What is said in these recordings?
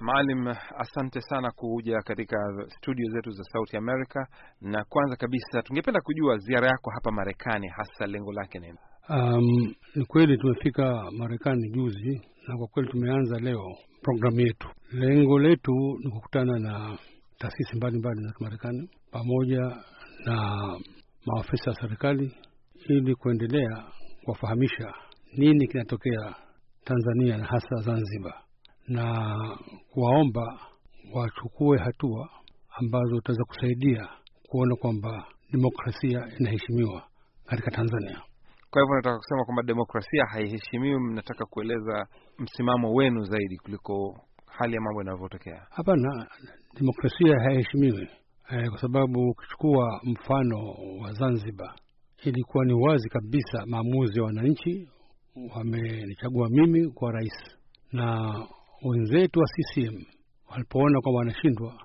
Maalim, asante sana kuja katika studio zetu za Sauti America. Na kwanza kabisa, tungependa kujua ziara yako hapa Marekani, hasa lengo lake nini? Um, ni kweli tumefika Marekani juzi, na kwa kweli tumeanza leo programu yetu. Lengo letu ni kukutana na taasisi mbalimbali za Kimarekani pamoja na maafisa wa serikali ili kuendelea kuwafahamisha nini kinatokea Tanzania na hasa Zanzibar na kuwaomba wachukue hatua ambazo utaweza kusaidia kuona kwamba demokrasia inaheshimiwa katika Tanzania. Kwa hivyo nataka kusema kwamba demokrasia haiheshimiwi, mnataka kueleza msimamo wenu zaidi kuliko hali ya mambo yanavyotokea? Hapana, demokrasia haiheshimiwi eh, kwa sababu ukichukua mfano wa Zanzibar, ilikuwa ni wazi kabisa maamuzi ya wananchi, wamenichagua mimi kwa rais, na wenzetu wa CCM walipoona kwamba wanashindwa,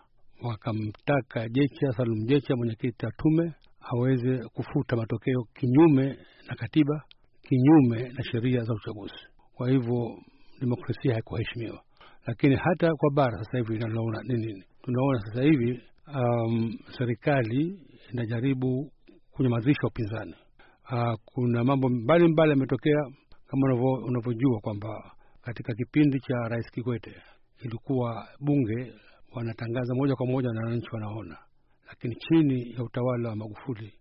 wakamtaka Jecha Salum Jecha, mwenyekiti wa tume, aweze kufuta matokeo kinyume na katiba, kinyume na sheria za uchaguzi. Kwa hivyo demokrasia haikuheshimiwa. Lakini hata kwa bara sasa hivi tunaona ni nini? Tunaona sasa hivi um, serikali inajaribu kunyamazisha upinzani. Uh, kuna mambo mbalimbali yametokea mbali, kama unavyojua kwamba katika kipindi cha Rais Kikwete ilikuwa bunge wanatangaza moja kwa moja na wananchi wanaona, lakini chini ya utawala wa Magufuli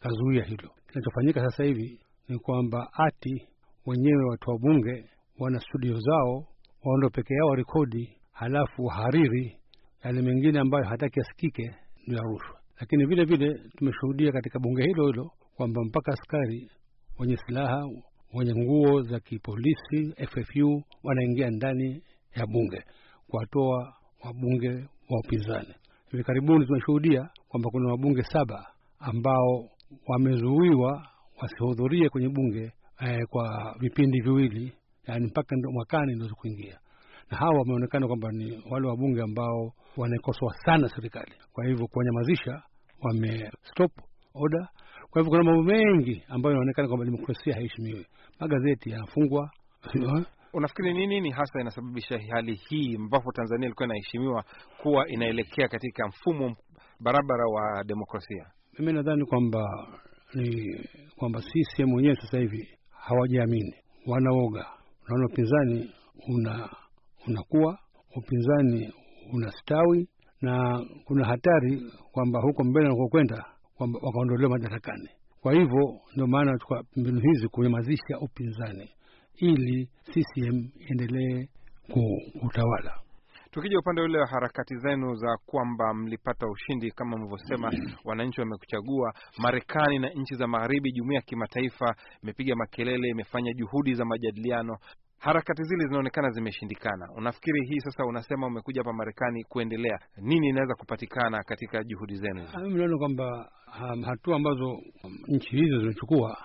kazuia hilo. Kinachofanyika sasa hivi ni kwamba ati wenyewe watu wa bunge wana studio zao, waondo peke yao warekodi, halafu wahariri yale mengine ambayo hataki asikike, ni ya rushwa. Lakini vile vile tumeshuhudia katika bunge hilo hilo kwamba mpaka askari wenye silaha wenye nguo za kipolisi FFU wanaingia ndani ya bunge kuwatoa wabunge wa upinzani. Hivi karibuni tumeshuhudia kwamba kuna wabunge saba ambao wamezuiwa wasihudhurie kwenye bunge eh, kwa vipindi viwili, yani mpaka ndo mwakani ndo kuingia, na hawa wameonekana kwamba ni wale wabunge ambao wanaikosoa sana serikali. Kwa hivyo kuwanyamazisha, stop order kwa hivyo kuna mambo mengi ambayo yanaonekana kwamba demokrasia haiheshimiwi, magazeti yanafungwa. Unafikiri ni nini hasa inasababisha hali hii, ambapo Tanzania ilikuwa inaheshimiwa kuwa inaelekea katika mfumo barabara wa demokrasia? Mimi nadhani kwamba ni kwamba CCM wenyewe sasa hivi hawajaamini, wanaoga. Unaona, upinzani una unakuwa, upinzani unastawi, na kuna hatari kwamba huko mbele unakokwenda wakaondolewa madarakani. Kwa hivyo ndio maana kwa mbinu hizi kunyamazisha upinzani ili CCM iendelee kutawala. Tukija upande ule wa harakati zenu za kwamba mlipata ushindi kama mlivyosema, wananchi wamekuchagua. Marekani na nchi za Magharibi, jumuiya ya kimataifa imepiga makelele, imefanya juhudi za majadiliano harakati zile zinaonekana zimeshindikana. Unafikiri hii sasa, unasema umekuja hapa Marekani kuendelea nini, inaweza kupatikana katika juhudi zenu mnaona ah, Mimi naona kwamba um, hatua ambazo um, nchi hizo zimechukua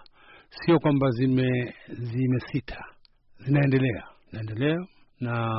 sio kwamba zime zimesita, zinaendelea naendelea, na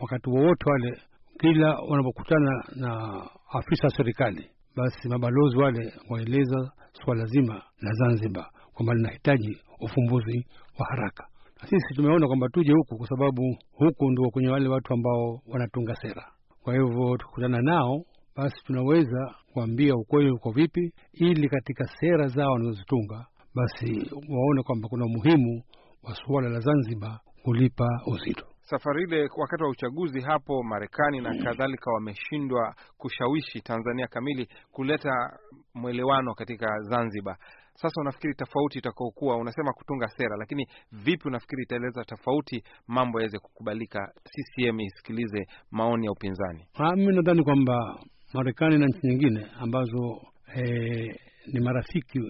wakati wowote wale, kila wanapokutana na afisa wa serikali, basi mabalozi wale waeleza swala zima la Zanzibar kwamba linahitaji ufumbuzi wa haraka sisi tumeona kwamba tuje huku kwa sababu huku ndio kwenye wale watu ambao wanatunga sera. Kwa hivyo tukutana nao, basi tunaweza kuambia ukweli uko vipi, ili katika sera zao wanazozitunga basi waone kwamba kuna umuhimu wa suala la Zanzibar kulipa uzito. Safari ile wakati wa uchaguzi hapo Marekani na kadhalika, wameshindwa kushawishi Tanzania kamili kuleta mwelewano katika Zanzibar. Sasa unafikiri tofauti itakokuwa unasema kutunga sera, lakini vipi unafikiri itaeleza tofauti mambo yaweze kukubalika, CCM isikilize maoni ya upinzani? Mimi nadhani kwamba Marekani na nchi nyingine ambazo e, ni marafiki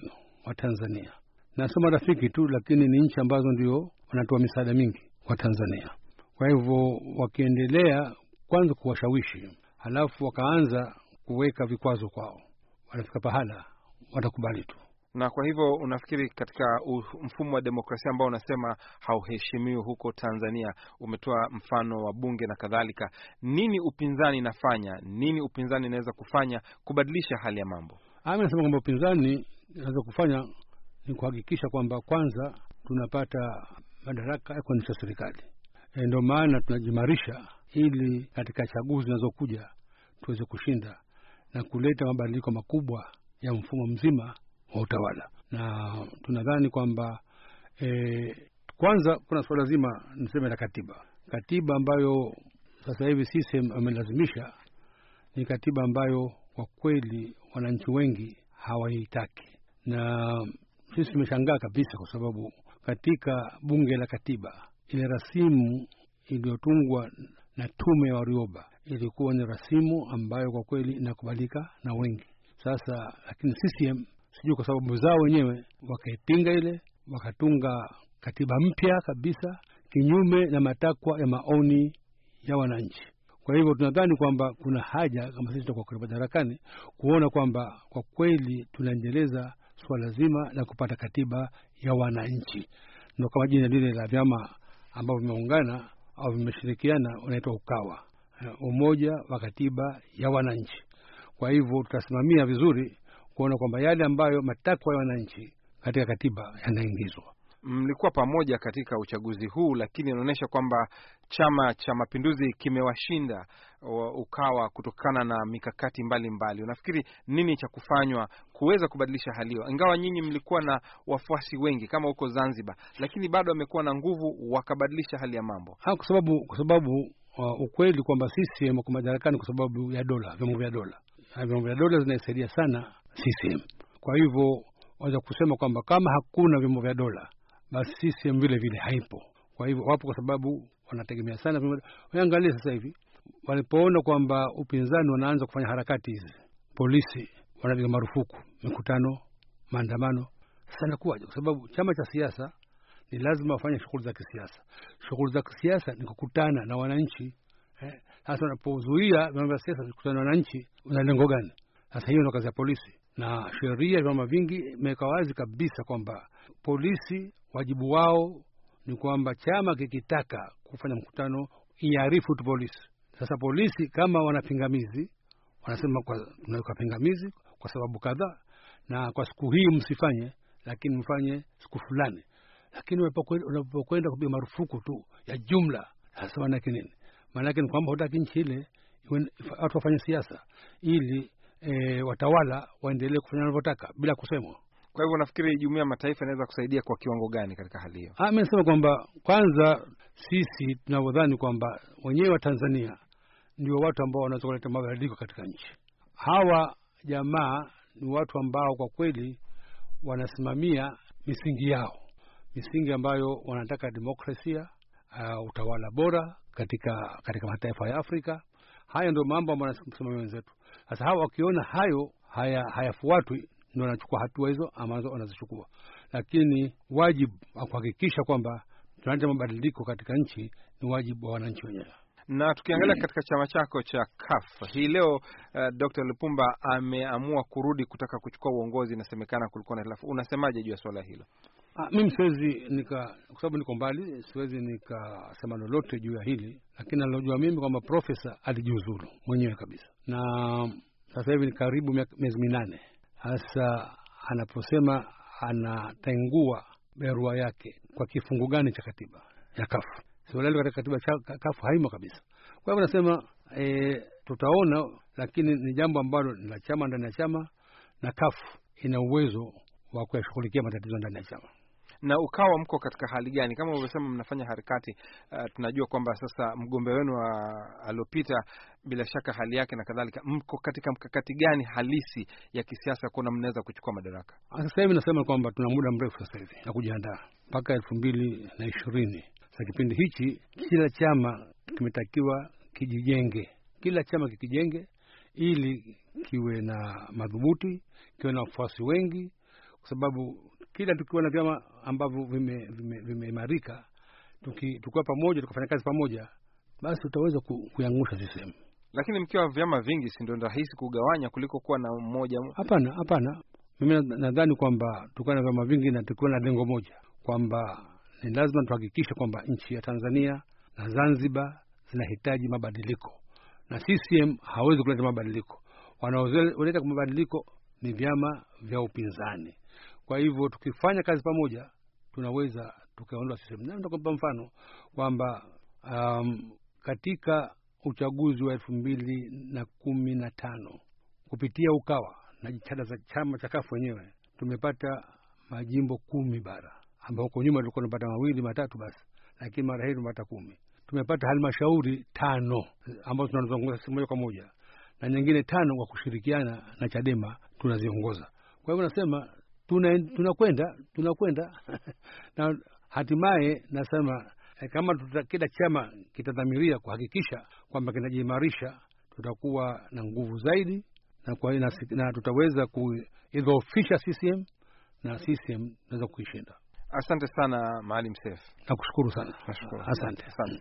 wa Tanzania na sio marafiki tu, lakini ni nchi ambazo ndio wanatoa misaada mingi kwa Tanzania. Kwa hivyo wakiendelea kwanza kuwashawishi, halafu wakaanza kuweka vikwazo kwao, wanafika pahala watakubali tu. Na kwa hivyo unafikiri katika mfumo wa demokrasia ambao unasema hauheshimiwi huko Tanzania, umetoa mfano wa bunge na kadhalika, nini upinzani inafanya nini? Upinzani inaweza kufanya kubadilisha hali ya mambo? Ami nasema kwamba upinzani inaweza kufanya ni kuhakikisha kwamba kwanza tunapata madaraka ya ni serikali. E, ndio maana tunajimarisha ili katika chaguzi zinazokuja tuweze kushinda na kuleta mabadiliko makubwa ya mfumo mzima wa utawala, na tunadhani kwamba e, kwanza kuna suala zima niseme la katiba. Katiba ambayo sasa hivi CCM amelazimisha ni katiba ambayo kwa kweli wananchi wengi hawaitaki, na sisi tumeshangaa kabisa, kwa sababu katika bunge la katiba ile rasimu iliyotungwa na tume ya Warioba ilikuwa ni rasimu ambayo kwa kweli inakubalika na wengi. Sasa lakini CCM sijui kwa sababu zao wenyewe wakaipinga ile, wakatunga katiba mpya kabisa kinyume na matakwa ya maoni ya wananchi. Kwa hivyo tunadhani kwamba kuna haja kama sisi tutakuwa madarakani kuona kwamba kwa kweli tunaendeleza suala zima la kupata katiba ya wananchi, ndo kama jina lile la vyama ambavyo vimeungana au vimeshirikiana unaitwa UKAWA, umoja wa katiba ya wananchi. Kwa hivyo tutasimamia vizuri kuona kwamba yale ambayo matakwa ya wananchi katika katiba yanaingizwa. Mlikuwa pamoja katika uchaguzi huu, lakini inaonyesha kwamba Chama cha Mapinduzi kimewashinda Ukawa kutokana na mikakati mbalimbali Unafikiri nini cha kufanywa kuweza kubadilisha hali hiyo? Ingawa nyinyi mlikuwa na wafuasi wengi kama huko Zanzibar, lakini bado wamekuwa na nguvu wakabadilisha hali ya mambo ha, kwa sababu kwa sababu uh, ukweli kwamba sisi madarakani kwa sababu ya dola, vyombo vya dola, vyombo vya dola zinaisaidia sana CCM. Kwa hivyo waweza kusema kwamba kama hakuna vyombo vya dola, basi CCM vile vile haipo. Kwa hivyo wapo, kwa sababu wanategemea sana vyombo. Waangalie sasa hivi walipoona kwamba upinzani wanaanza kufanya harakati hizi, polisi wanapiga marufuku mikutano, maandamano. Sasa inakuwaje? Kwa sababu chama cha siasa ni lazima wafanye shughuli za kisiasa. Shughuli za kisiasa ni kukutana na wananchi. Eh? Sasa eh, unapozuia vyama vya siasa kukutana na wananchi, una lengo gani? Sasa hiyo ndio kazi ya polisi na sheria ya vyama vingi imeweka wazi kabisa kwamba polisi wajibu wao ni kwamba chama kikitaka kufanya mkutano iarifu tu polisi. Sasa polisi kama wanapingamizi pingamizi, wanasema tunaweka pingamizi kwa sababu kadhaa, na kwa siku hii msifanye, lakini mfanye siku fulani. Lakini unapokwenda kupiga marufuku tu ya jumla, hasa wanake nini? Maanake ni kwamba hutaki nchi ile watu wafanye siasa ili e, watawala waendelee kufanya wanavyotaka bila kusemwa. Kwa hivyo nafikiri jumuiya ya mataifa inaweza kusaidia kwa kiwango gani katika hali hiyo? Ah, mimi nasema kwamba kwanza, sisi tunavyodhani kwamba wenyewe wa Tanzania ndio watu ambao wanaweza kuleta mabadiliko katika nchi. Hawa jamaa ni watu ambao kwa kweli wanasimamia misingi yao, misingi ambayo wanataka demokrasia, uh, utawala bora katika katika mataifa ya Afrika haya ndio mambo ambayo wanasimamia wenzetu. Sasa hawa wakiona hayo hayafuatwi, haya ndio wanachukua hatua hizo ambazo wanazichukua, lakini wajibu wa kuhakikisha kwamba tunaleta mabadiliko katika nchi ni wajibu wa wananchi wenyewe na tukiangalia katika chama chako cha CUF hii leo, uh, eh, Dr. Lipumba ameamua kurudi kutaka kuchukua uongozi, inasemekana kulikuwa na hitilafu. Unasemaje juu ya swala hilo? Ah, mimi siwezi nika, kwa sababu niko mbali, siwezi nikasema lolote juu ya hili, lakini nalojua mimi kwamba profesa alijiuzulu mwenyewe kabisa, na sasa hivi ni karibu miezi minane hasa, anaposema anatengua barua yake kwa kifungu gani cha katiba ya kafu suala katika katiba cha kafu haimo kabisa. Kwa hivyo nasema e, tutaona, lakini ni jambo ambalo ni la chama ndani ya chama, na kafu ina uwezo wa kuyashughulikia matatizo ndani ya chama na ukawa mko katika hali gani? Kama ulivyosema mnafanya harakati uh, tunajua kwamba sasa mgombea wenu aliopita bila shaka hali yake na kadhalika, mko katika mkakati gani halisi ya kisiasa kuona mnaweza kuchukua madaraka? Sasa hivi nasema kwamba tuna muda mrefu sasa hivi na kujiandaa mpaka elfu mbili na ishirini. Sasa kipindi hichi kila chama kimetakiwa kijijenge, kila chama kikijenge ili kiwe na madhubuti, kiwe na wafuasi wengi, kwa sababu kila tukiwa na vyama ambavyo vimeimarika vime, vime tukiwa pamoja tukafanya kazi pamoja, basi tutaweza kuiangusha sisehemu. Lakini mkiwa vyama vingi, si ndio rahisi kugawanya kuliko kuwa na mmoja? Hapana, hapana. Mimi nadhani kwamba tukiwa na vyama vingi na tukiwa na lengo moja, kwamba ni lazima tuhakikishe kwamba nchi ya Tanzania na Zanzibar zinahitaji mabadiliko, na CCM hawezi kuleta mabadiliko. Wanaoleta mabadiliko ni vyama vya upinzani. Kwa hivyo tukifanya kazi pamoja, tunaweza tukaondoa sehemu. Na mfano kwamba um, katika uchaguzi wa elfu mbili na kumi na tano kupitia Ukawa na jitihada za chama cha Kafu wenyewe tumepata majimbo kumi bara, ambao huko nyuma tulikuwa tunapata mawili matatu basi, lakini mara hii tumepata kumi. Tumepata halmashauri tano ambazo tunazongoza tunaziongoza moja kwa moja na nyingine tano kwa kushirikiana na Chadema tunaziongoza. Kwa hivyo nasema tunakwenda tunakwenda na hatimaye nasema eh, kama tuta, kila chama kitadhamiria kuhakikisha kwamba kinajiimarisha, tutakuwa na nguvu zaidi na, kwa, na, na tutaweza kuidhoofisha CCM na CCM tunaweza kuishinda. Asante sana Maalim sef nakushukuru sana. Asante, asante.